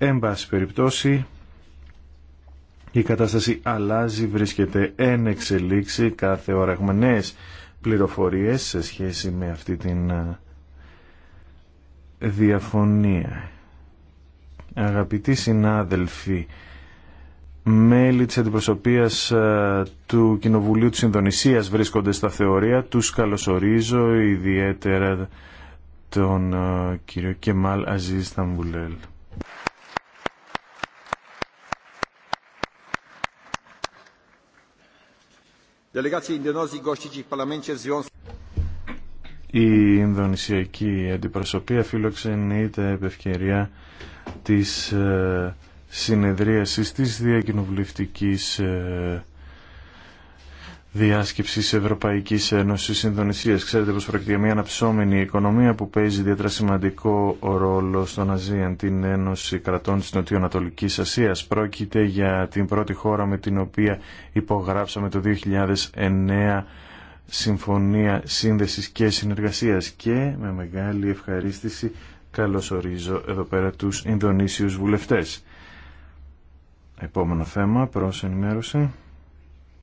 Εν πάση περιπτώσει, η κατάσταση αλλάζει, βρίσκεται εν εξελίξη, κάθε ώρα έχουμε νέες πληροφορίες σε σχέση με αυτή την ε, διαφωνία. Αγαπητοί συνάδελφοι, μέλη της αντιπροσωπείας ε, του Κοινοβουλίου της Ινδονησίας βρίσκονται στα θεωρία. Τους καλωσορίζω ιδιαίτερα τον ε, κύριο Κεμάλ Αζίζ Σταμβουλέλ. Η Ινδονησιακή Αντιπροσωπεία φιλοξενείται επ' ευκαιρία της ε, συνεδρίασης της Διακοινοβουλευτικής ε, διάσκεψη Ευρωπαϊκή Ένωση Ινδονησίας. Ξέρετε πώ πρόκειται για μια αναψώμενη οικονομία που παίζει ιδιαίτερα σημαντικό ρόλο στον ΑΖΙΑΝ, την Ένωση Κρατών της Νοτιοανατολικής Ασίας. Πρόκειται για την πρώτη χώρα με την οποία υπογράψαμε το 2009 Συμφωνία σύνδεση και Συνεργασίας και με μεγάλη ευχαρίστηση καλωσορίζω εδώ πέρα του Ινδονήσιου βουλευτέ. Επόμενο θέμα, προς ενημέρωση.